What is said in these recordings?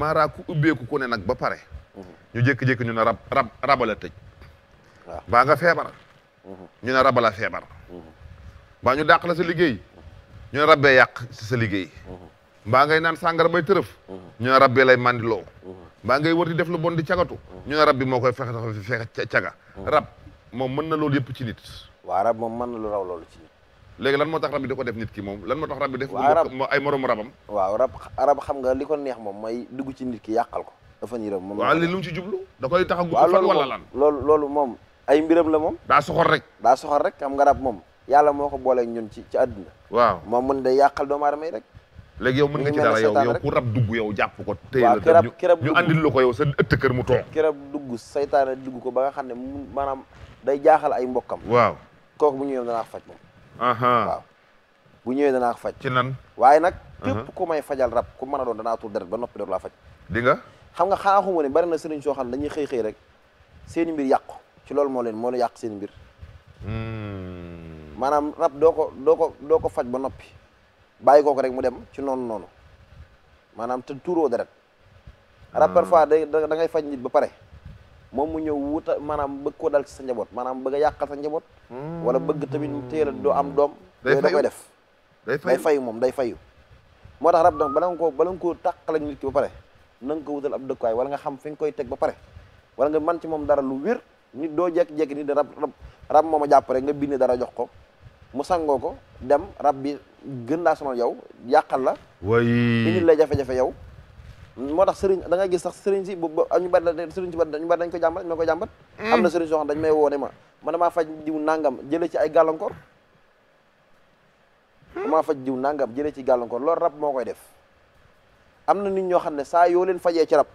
maaraa ku ubbeeku ku ne nag ba pare mhm. ñu jékki-jékki ñu na rab rab rabala tëj waaw baa nga feebar mhm. ñu ne rabala feebar mhm. baa ñu dàq la sa liggéey ñu ne rabbee yàq si sa liggéey mbaa ngay naan sàngara bay tërëf ñu ne rabbee lay mandiloo mbaa ngay wër di def lu bon di cagatu ñu ne rab bi moo koy fexe tax fi fexe caga rab moom mën na loolu yëpp ci nit waaw rab mën na lu raw loolu ci nit léegi lan moo tax rab bi da ko def nit ki moom lan moo tax rab bi def ay moroom rabam waaw rab rab xam nga li ko neex moom mooy dugg ci nit ki yàqal ko dafa ñiram moom waaw li lu mu ci jublu tax a gudd fan wala lan moom ay mbiram la moom daa soxor rek daa soxor rek xam nga rab moom yàlla moo ko booleeg ñun ci ci àdduna waaw moom mun day yàqal doomu aadama yi rek léegi yow mën nga ci dara yow yow ku rab dugg yow jàpp ko tey la ñu andil la ko yow sa kër mu toog ki rab dugg saytaane dugg ko ba nga xam ne maanaam day jaaxal ay mbokkam waaw kooku mu ñu yow danaa faj moom waaw bu ñëwee danaa faj ci nan waaye nag képp ku may fajal rab ku mën a doon danaa tur deret ba noppi dootu laa faj di nga xam nga xanaa xamuma ne bari na sëriñ soo xam ne dañuy xëy xëy rek seeni mbir yàqu ci loolu moo leen moo yàq seen mbir hmm. maanaam rab doo ko doo ko doo ko faj ba noppi bàyyi kooku rek mu dem ci noonu noonu maanaam te tuuroo deret rab hmm. parfois da da ngay faj nit ba pare moom mu ñëw wuta maanaam bëgg koo dal ci sa njaboot maanaam bëgg a yàqal sa njaboot hmm. wala bëgg tamit téel a doo am doom yooyu da koy def day fayu moom day fay moo tax rab nag bala nga koo bala nga koo tàqal ak nit ki ba pare na nga wala nga xam fi nga koy teg ba pare wala nga man ci moom dara lu wér nit doo jekki-jekki ni rab rab rab moom a jàpp rek nga bind dara jox ko mu sangoo ko dem rab bi gën daa sonal yow yàqal la. waay indil jafe-jafe yow. moo tax sëriñ da ngay gis sax sëriñ si ñu bari sëriñ si ñu bari dañ ko jàmbat dañ ko jàmbat mm. am na sëriñ soo xam dañ may woone ma man damaa faj diw nangam jële ci ay gàllankoor hmm? damaa faj diw nangam jële ci gàllankoor loolu rab moo koy def am na nit ñoo xam ne saa yoo leen fajee ci rab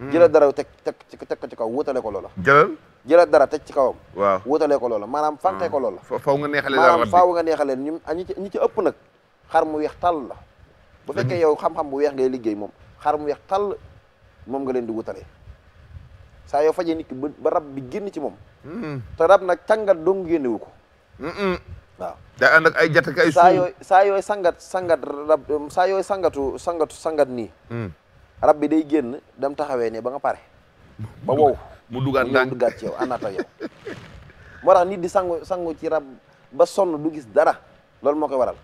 hmm. jëlal dara teg teg teg ko ci kaw wutale ko loola jëlal jëlal dara teg ci kawam waaw wutale ko loola maanaam fante ko hmm. loola faaw nga neexale maanaam faaw nga neexale ñu ñi ci ëpp nag xar mu weex tàll la bu fekkee yow xam-xam bu weex ngay liggéey moom xar mu weex tàll moom nga leen di wutale saa yoo fajee nit ba rab génn ci moom. te rab nag càngat dong génnewu ko. ay jat ak ay saa yooy sangat sangat rab saa sangatu sangat nii. Mm. rab bi day génn dem taxawee ne ba nga pare. ba wow mu a nga mu dugaat ci yow àndaat ak yow. moo nit di sangu sangu ci rab ba sonn du gis dara loolu moo koy waral.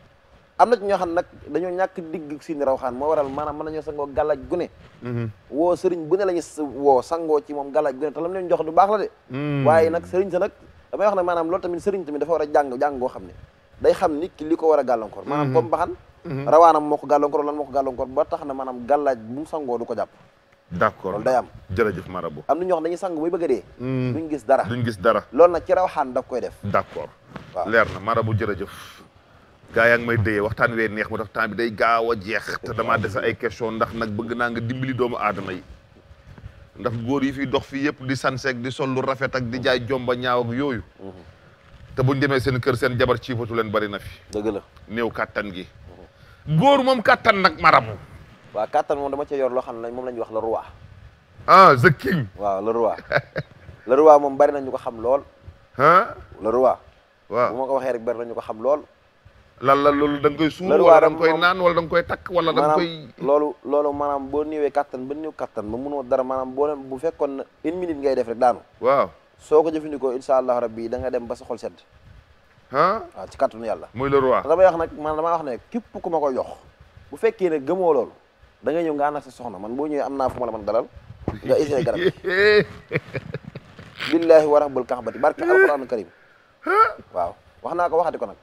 am na ci nag dañoo ñàkk digg seen rawxaan moo waral maanaam mën nañoo sangoo gàllaaj gune mhm. woo sëriñ bu ne la woo sangoo ci moom gàllaaj gune te lam leen jox du baax la de mhm. waaye nag sëriñ sa nag damay wax ne maanaam loolu tamit sëriñ tamit dafa war a jàng jàng goo xam ne day xam nit ki li ko war a gàllankoor mhm. maanaam comme baxan rawaanam moo ko gàllankoor lan moo ko gàllankoor ba tax na maanaam gàllaaj bu mu sangoo du ko jàpp d'accord loolu day am jërëjëf marabu am na ñoo xam dañuy sang bay bëgg gis dara gis dara loolu nag ci rawxaan koy def d'accord waaw leer na marabu jërëjëf gaa yaa ngi may dëyee waxtaan we neex moo tax temps bi day gaaw a jeex te damaa dese ay question ndax nag bëgg naa nga dimbali doomu aadama yi ndax góor yi fi dox fii yëpp di sanseeg di sol lu rafet ak di jaay jomba ñaaw ak yooyu te buñ demee seen kër seen jabar ciifatu leen bari na fi dëgg la néew kàttan gi góor moom kàttan nag maramu waaw kattan moom dama cee yor loo xam ne moom la ñuy wax le roi ah waaw le moom bari na ko xam lool ah le roi waaw ko waxee rek bari na ñu ko xam lool lan la loolu da nga koy suur wala da nga koy naan wala da koy takk wala da nga koy loolu loolu maanaam boo néewee kattan ba néew kattan ba mënoo dara maanaam boo bu fekkoon une minute ngay def rek daanu waaw ko jëfandikoo insha allahu rabbi da nga dem ba sa sedd ah waaw ci kattanu yàlla muy le roi damay wax nag man damaa wax ne képp ku ma ko jox bu fekkee ne gëmoo loolu dangay ñëw nga ànd sa soxna man boo ñëwee am naa fu ma la mën dalal nga essayé garab billaahi wa rabbul kaxbati barke alquran karim waaw wax naa ko waxati ko nag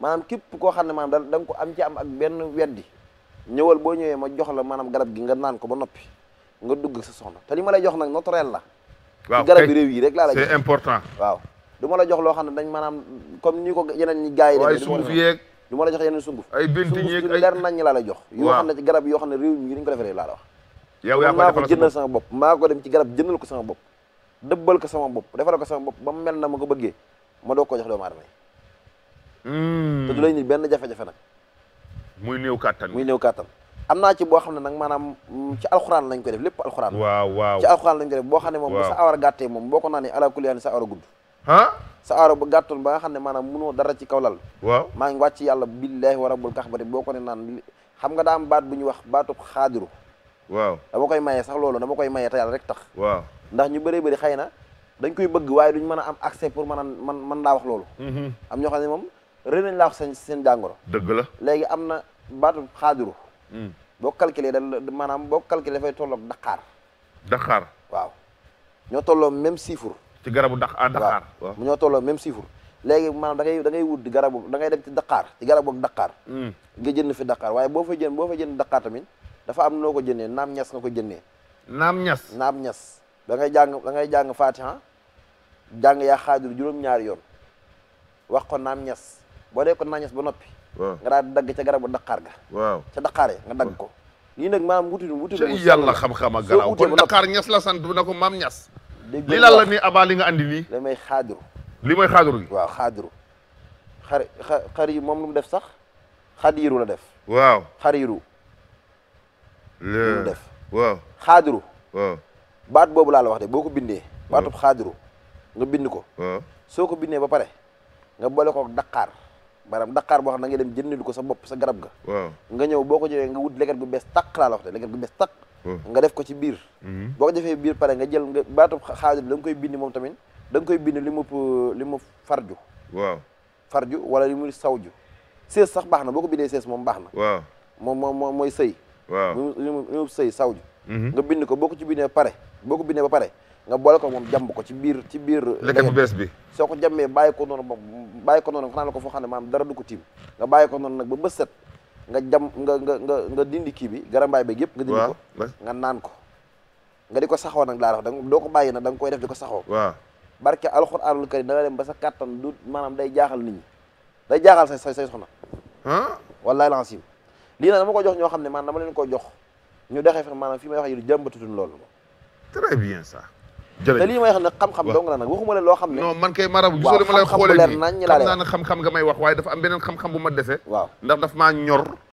maanaam képp koo xam ne maanaam da nga ko am ci am ak benn weddi ñëwal boo ñëwee ma jox la maanaam garab gi nga naan ko ba noppi nga dugg sa soxna te li ma jox nag naturel la. waaw garab bi réew yi rek laa la waaw du ma la jox loo xam ne dañ maanaam comme ni ko yeneen ñi gars yi. waaye sunguf yeeg du ma la jox yeneen sunguf. ay bint yeeg ay leer nañ ñi laa la jox. waaw yoo ci garab yoo xam ne réew yi ni ñu ko yow yaa ko maa ko sama bopp maa ko dem ci garab jëndal ko sama bopp dëbbal ko sama bopp defal ko sama bopp ba mu mel na ma ko bëggee ma doog ko jox doomu aadama yi Hmm. te du lay benn jafe-jafe nag muy néew kàttan muy néew kàttan am naa ci boo xam ne nag maanaam mm, ci alxuraan lañ ko def lépp alxuraan waaw waaw ci alxuraan lañ ko def boo xam ne moom bu sa awar moom boo ko naa ne ala sa awar gudd ah sa awar bu gàttoon ba xam ne maanaam munoo dara ci kaw lal waaw maa ngi wàcc yàlla billaahi wa rabbul kaxbari boo ko naan xam nga daa am baat bu ñuy wax baatu xaadiru waaw dama koy mayee sax loolo dama koy maye te yàlla rek tax waaw ndax ñu bëree bëri xëy na dañ koy bëgg waaye duñ mën a am accès pour mën a man mën laa wax loolu mm-hmm. am ñoo moom rëy nañ laa seen seen jàngoro. dëgg léegi am na baatu xaadiru. Hmm. boo calculé da maanaam boo calculé dafay tolloog Dakar. Dakar waaw. ñoo tolloo même chiffre. ci garabu ah, Dakar ñoo tolloo même chiffre. léegi maanaam da ngay da ngay wut garabu dangay dem ci daqaar ci garabu daqaar Dakar. Hmm. nga jënd fi Dakar waaye boo fa jënd boo fa jënd Dakar tamit dafa am noo ko jëndee naam ñas nga ko jëndee. naam ñas naam ñas. da ngay jàng da ngay jàng Fatiha jàng yaa xaadiru juróom-ñaari yoon wax ko naam ñas. boo dee ko nañes ba noppi nga daal di dagg ca garabu daqaar ga ca daqaar ya nga dag ko lii nag maam wuti wuti yàlla xam-xam ak garaaw kon daqaar ñes la sant na ko maam ñas li lan la ni abaa li nga andi nii li may xaadiru li may xaadiru gi waaw xar yi moom lu def sax xadiiru la def waaw xariiru lu mu def waaw baat boobu laal la wax de boo ko bindee baatub xaadiru nga bind ko soo ko bindee ba pare nga boole ko daqaar maanaam daqaar boo xam na nga dem jëndil ko sa bopp sa garab ga waaw nga ñëw boo ko ñëwee nga wut leget gu bees tàq laa la wax de leget gu bees tàq nga def ko ci biir mm-hmm. boo ko defee biir pare nga jël nga baatu xaalis bi da nga koy bind moom tamit da nga koy bind li mu li mu farju waaw farju wala li mu sawju sees sax baax na boo ko bindee sees moom baax na waaw moom moom mooy sëy li mu sëy sawju mm-hmm. nga ko boo ko ci bindee pare boo ko bindee ba pare nga boole ko moom jàmb ko ci biir ci biir lekk bees bi soo ko jàmmee bàyyi ko noonu ba bàyyi ko noonu nga fanaan ko foo xam ne maanaam dara du ko ko noonu nag ba bës set nga jam nga nga nga nga dindi kii bi garambaay beeg yëpp nga dindi ko nga naan ko nga di ko saxoo nag laa wax da doo ko bàyyi nag da nga koy def di ko saxoo waaw barke alxuraanul karim da nga ba sa kàttan du maanaam day jaaxal nit ñi day jaaxal say say say soxna wallaay lancim lii nag dama ko jox ñoo xam ne maanaam dama leen ko jox ñu dexee fe maanaam fi may wax yi jàmbatutuñ loolu très bien ça te lii may wax xam-xam dong la nag waxuma la loo xam ne non man kay marabu gisoo dama lay xoolee nii xam naa ne xam-xam nga wax waaye dafa am beneen xam-xam bu ma dese waaw ndax daf maa ñor